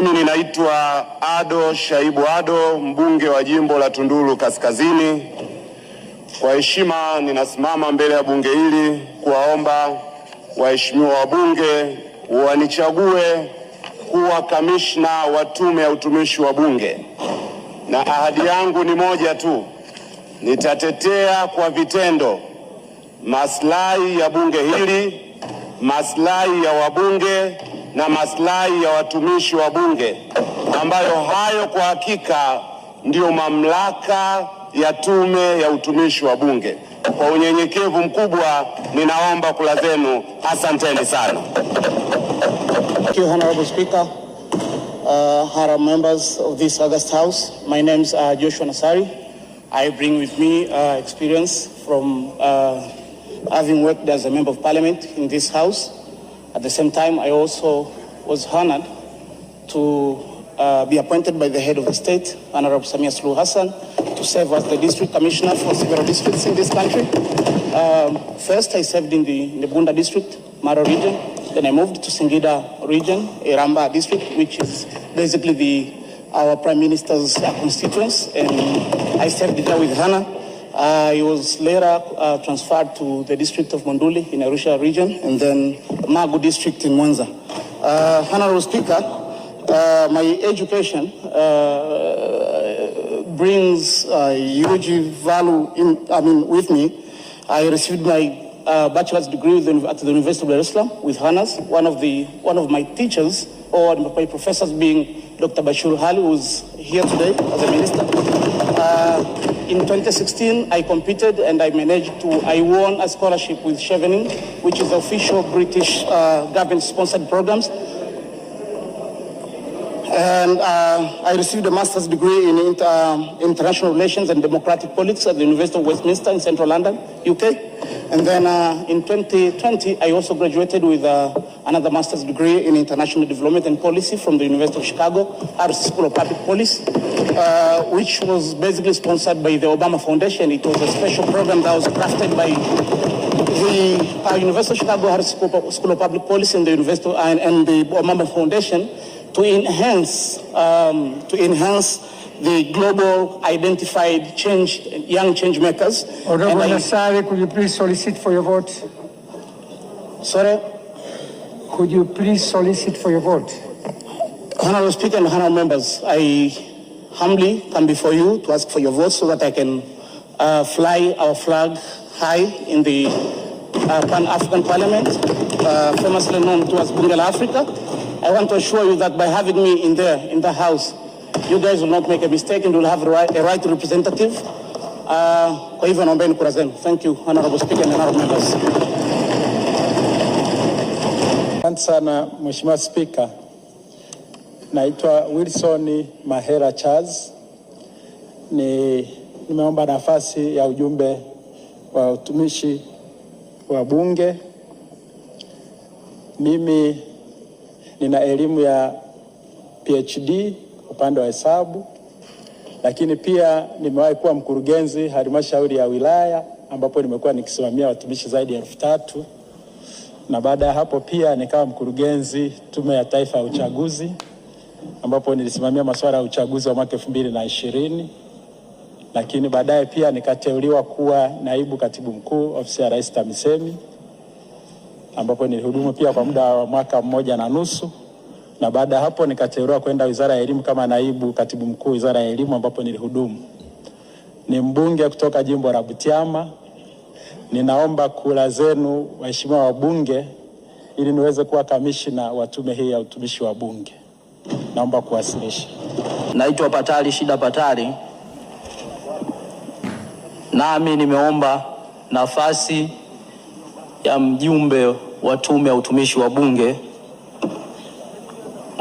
Mimi ninaitwa Ado Shaibu Ado, mbunge wa jimbo la Tunduru Kaskazini. Kwa heshima ninasimama mbele ya bunge hili kuwaomba waheshimiwa wabunge wanichague kuwa kamishna wa tume ya utumishi wa bunge, na ahadi yangu ni moja tu, nitatetea kwa vitendo maslahi ya bunge hili, maslahi ya wabunge na maslahi ya watumishi wa Bunge, ambayo hayo kwa hakika ndiyo mamlaka ya Tume ya Utumishi wa Bunge. Kwa unyenyekevu mkubwa ninaomba kula zenu. Asanteni sana. Thank you, Honorable Speaker. Uh, Hara members of this August House, my name is uh, Joshua Nassari. I bring with me uh, experience from uh, having worked as a member of parliament in this house. At the same time, I also was honored to uh, be appointed by the head of the state, Honorable Samia Sulu Hassan, to serve as the district commissioner for several districts in this country. Um, first, I served in the, in the Bunda district, Mara region. Then I moved to Singida region, Iramba district, which is basically the, our prime minister's constituents. And I served there with Hannah uh, he was later uh, transferred to the district of Monduli in Arusha region and then Magu district in Mwanza. Uh, Honorable Speaker, uh, my education uh, brings uh, huge value in, I mean, with me. I received my bachelor's degree at the University of Dar es Salaam with honors. One of, the, one of my teachers or my professors being Dr. Bashir Hali, who's here today as a minister. In 2016, I competed and I managed to, I won a scholarship with Chevening, which is the official British uh, government-sponsored programs. And uh, I received a master's degree in inter, uh, international relations and democratic politics at the University of Westminster in central London, UK. And then uh, in 2020, I also graduated with uh, another master's degree in international development and policy from the University of Chicago, our School of Public Policy, uh, which was basically sponsored by the Obama Foundation. It was a special program that was crafted by the uh, University of Chicago Harris School of Public Policy and the University and, and the Obama Foundation to enhance um, to enhance the global identified change, young change makers. Honorable Nassari, could you please solicit for your vote? Sorry? Could you please solicit for your vote? Honorable Speaker and Honorable Members, I humbly come before you to ask for your vote so that I can uh, fly our flag high in the uh, Pan-African Parliament, uh, famously known to as Bunge la Africa. I want to assure you that by having me in there, in the House, You guys will not make a mistake and will have a right, a right representative. Uh, kwa hivyo naombeni kura zenu. Thank you, Honorable Speaker and Honorable members. Asante sana Mheshimiwa speaker. Naitwa Wilson Mahera Charles. Ni nimeomba nafasi ya ujumbe wa utumishi wa Bunge. Mimi nina elimu ya PhD upande wa hesabu, lakini pia nimewahi kuwa mkurugenzi halmashauri ya wilaya ambapo nimekuwa nikisimamia watumishi zaidi ya elfu tatu na baada ya hapo pia nikawa mkurugenzi Tume ya Taifa ya Uchaguzi ambapo nilisimamia masuala ya uchaguzi wa mwaka elfu mbili na ishirini lakini baadaye pia nikateuliwa kuwa naibu katibu mkuu ofisi ya Rais TAMISEMI ambapo nilihudumu pia kwa muda wa mwaka mmoja na nusu na baada ya hapo nikateuliwa kwenda Wizara ya Elimu kama naibu katibu mkuu Wizara ya Elimu, ambapo nilihudumu. Ni mbunge kutoka jimbo la Butiama. Ninaomba kura zenu waheshimiwa wabunge, ili niweze kuwa kamishna wa tume hii ya utumishi wa Bunge. Naomba kuwasilisha. Naitwa Patali Shida Patali, nami nimeomba nafasi ya mjumbe wa tume ya utumishi wa Bunge.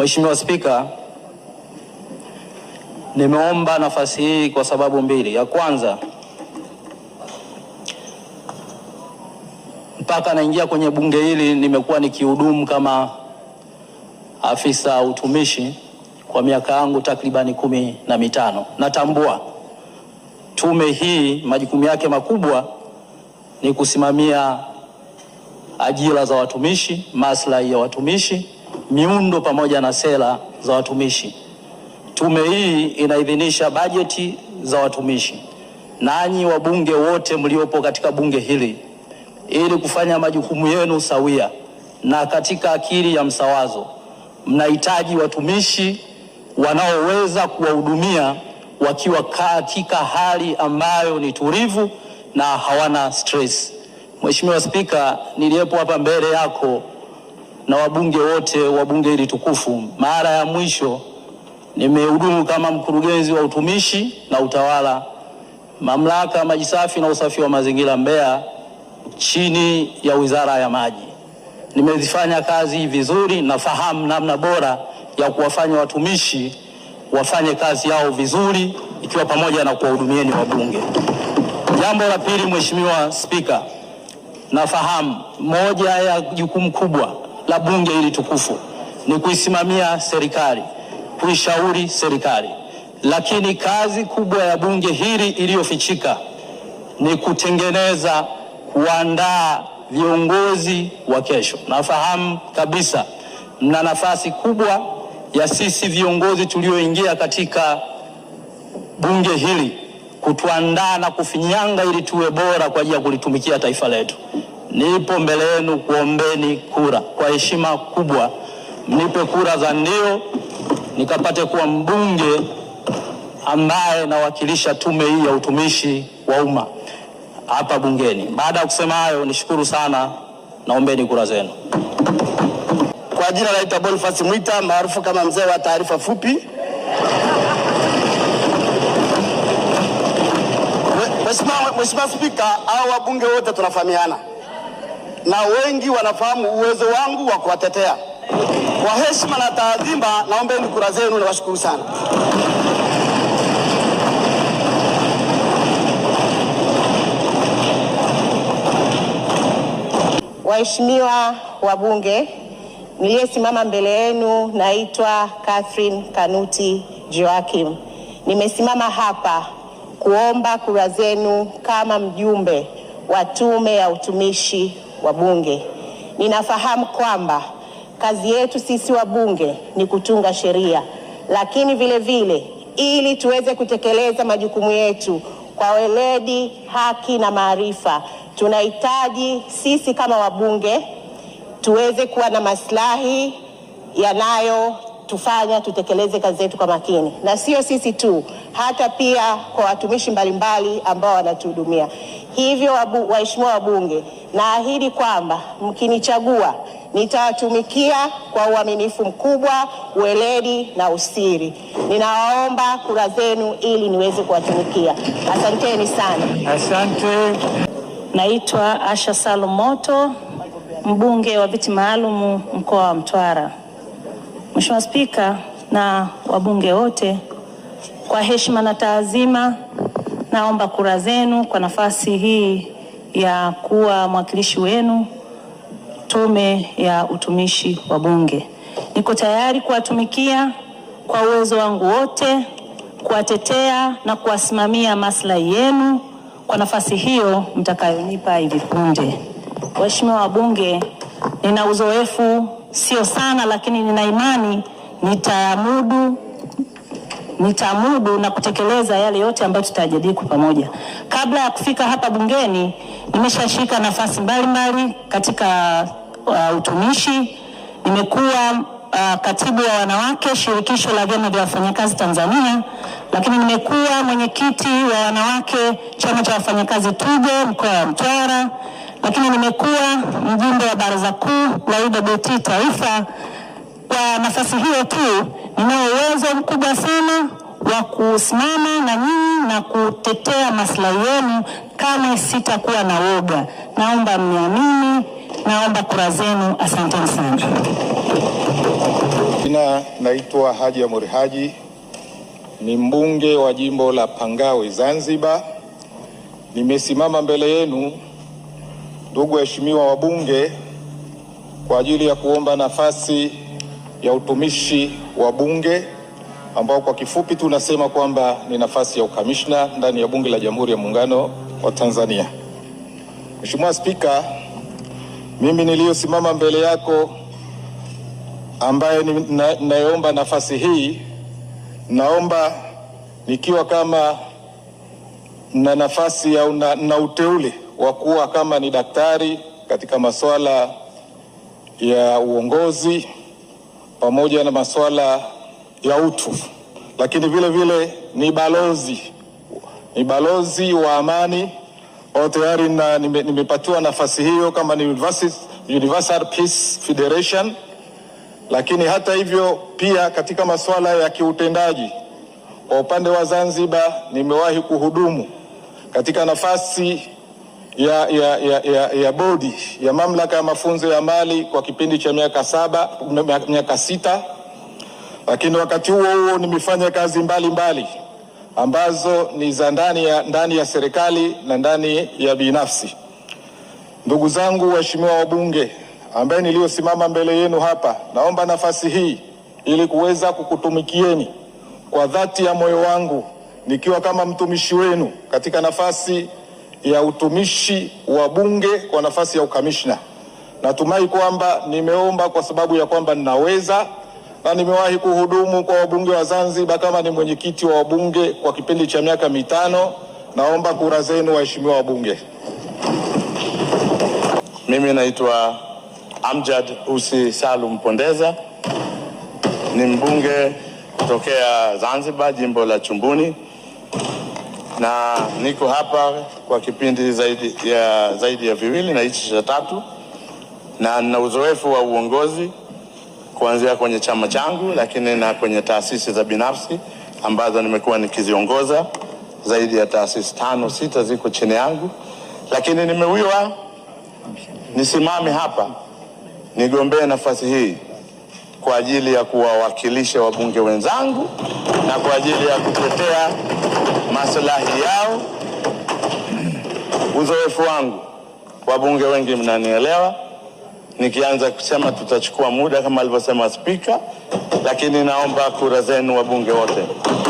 Mheshimiwa Spika, nimeomba nafasi hii kwa sababu mbili. Ya kwanza, mpaka naingia kwenye bunge hili nimekuwa nikihudumu kama afisa utumishi kwa miaka yangu takribani kumi na mitano. Natambua tume hii majukumu yake makubwa ni kusimamia ajira za watumishi, maslahi ya watumishi miundo pamoja na sera za watumishi. Tume hii inaidhinisha bajeti za watumishi. Nanyi wabunge wote mliopo katika bunge hili, ili kufanya majukumu yenu sawia na katika akili ya msawazo, mnahitaji watumishi wanaoweza kuwahudumia wakiwa katika hali ambayo ni tulivu na hawana stress. Mheshimiwa Spika, niliyepo hapa mbele yako na wabunge wote wa bunge hili tukufu. Mara ya mwisho nimehudumu kama mkurugenzi wa utumishi na utawala mamlaka ya maji safi na usafi wa mazingira Mbeya chini ya wizara ya maji. Nimezifanya kazi vizuri, nafahamu namna bora ya kuwafanya watumishi wafanye kazi yao vizuri, ikiwa pamoja na kuwahudumieni wabunge. Jambo la pili, Mheshimiwa Spika, nafahamu moja ya jukumu kubwa la bunge hili tukufu ni kuisimamia serikali, kuishauri serikali, lakini kazi kubwa ya bunge hili iliyofichika ni kutengeneza, kuandaa viongozi wa kesho. Nafahamu kabisa mna nafasi kubwa ya sisi viongozi tulioingia katika bunge hili kutuandaa na kufinyanga ili tuwe bora kwa ajili ya kulitumikia taifa letu nipo mbele yenu kuombeni kura. Kwa heshima kubwa, mnipe kura za ndio, nikapate kuwa mbunge ambaye nawakilisha tume hii ya utumishi wa umma hapa bungeni. Baada ya kusema hayo, nishukuru sana, naombeni kura zenu. Kwa jina naitwa Boniface Mwita maarufu kama mzee wa taarifa fupi. Mheshimiwa Spika, au wabunge wote tunafahamiana na wengi wanafahamu uwezo wangu wa kuwatetea. Kwa heshima na taadhima, naombeni kura zenu na washukuru sana. Waheshimiwa wabunge, niliyesimama mbele yenu naitwa Catherine Kanuti Joakim. Nimesimama hapa kuomba kura zenu kama mjumbe wa Tume ya Utumishi wabunge, ninafahamu kwamba kazi yetu sisi wabunge ni kutunga sheria, lakini vile vile ili tuweze kutekeleza majukumu yetu kwa weledi, haki na maarifa, tunahitaji sisi kama wabunge tuweze kuwa na maslahi yanayo tufanya tutekeleze kazi zetu kwa makini, na sio sisi tu, hata pia kwa watumishi mbalimbali ambao wanatuhudumia. Hivyo wabu, waheshimiwa wabunge, naahidi kwamba mkinichagua nitawatumikia kwa uaminifu mkubwa, weledi na usiri. Ninawaomba kura zenu ili niweze kuwatumikia. Asanteni sana. Asante. Naitwa Asha moto mbunge wa viti maalum mkoa wa Mtwara. Mheshimiwa Spika na wabunge wote, kwa heshima na taazima, naomba kura zenu kwa nafasi hii ya kuwa mwakilishi wenu Tume ya Utumishi wa Bunge. Niko tayari kuwatumikia kwa uwezo wangu wote, kuwatetea na kuwasimamia maslahi yenu kwa nafasi hiyo mtakayonipa hivi punde. Waheshimiwa wabunge, nina uzoefu sio sana, lakini nina imani nitamudu nitamudu na kutekeleza yale yote ambayo tutajadili kwa pamoja. Kabla ya kufika hapa bungeni, nimeshashika nafasi mbalimbali katika uh, utumishi. Nimekuwa uh, katibu wa wanawake shirikisho la vyama vya wafanyakazi Tanzania, lakini nimekuwa mwenyekiti wa wanawake chama cha wafanyakazi Tugo mkoa wa Mtwara lakini nimekuwa mjumbe wa Baraza Kuu la UWT Taifa. Kwa nafasi hiyo tu, ninao uwezo mkubwa sana wa kusimama na nyinyi na kutetea maslahi yenu kama sitakuwa na woga. Naomba mniamini, naomba kura zenu. Asanteni sana. Jina naitwa Haji Amuri Haji, ni mbunge wa jimbo la Pangawe, Zanzibar. Nimesimama mbele yenu ndugu waheshimiwa wabunge kwa ajili ya kuomba nafasi ya utumishi wa bunge ambao kwa kifupi tu nasema kwamba ni nafasi ya ukamishna ndani ya bunge la Jamhuri ya Muungano wa Tanzania. Mheshimiwa Spika, mimi niliyosimama mbele yako ambaye ninayeomba na nafasi hii, naomba nikiwa kama na nafasi ya na, na uteule wa kuwa kama ni daktari katika masuala ya uongozi pamoja na masuala ya utu, lakini vile vile ni balozi, ni balozi wa amani ao tayari na nimepatiwa nafasi hiyo kama ni Universal Peace Federation. Lakini hata hivyo pia katika masuala ya kiutendaji kwa upande wa Zanzibar nimewahi kuhudumu katika nafasi ya, ya, ya, ya, ya bodi ya mamlaka ya mafunzo ya mali kwa kipindi cha miaka saba miaka sita, lakini wakati huo huo nimefanya kazi mbalimbali mbali, ambazo ni za ndani ya, ndani ya serikali na ndani ya binafsi. Ndugu zangu waheshimiwa wabunge, ambaye niliyosimama mbele yenu hapa, naomba nafasi hii ili kuweza kukutumikieni kwa dhati ya moyo wangu nikiwa kama mtumishi wenu katika nafasi ya utumishi wa Bunge kwa nafasi ya ukamishna. Natumai kwamba nimeomba kwa sababu ya kwamba ninaweza na nimewahi kuhudumu kwa wabunge wa Zanzibar kama ni mwenyekiti wa wabunge kwa kipindi cha miaka mitano. Naomba kura zenu waheshimiwa wabunge. Mimi naitwa Amjad Usi Salum Pondeza, ni mbunge kutokea Zanzibar, jimbo la Chumbuni na niko hapa kwa kipindi zaidi ya, zaidi ya viwili na hichi cha tatu, na nina uzoefu wa uongozi kuanzia kwenye chama changu, lakini na kwenye taasisi za binafsi ambazo nimekuwa nikiziongoza zaidi ya taasisi tano sita ziko chini yangu, lakini nimewiwa nisimame hapa nigombee nafasi hii kwa ajili ya kuwawakilisha wabunge wenzangu na kwa ajili ya kutetea maslahi yao. Uzoefu wangu, wabunge wengi mnanielewa, nikianza kusema tutachukua muda kama alivyosema Spika, lakini naomba kura zenu wabunge wote.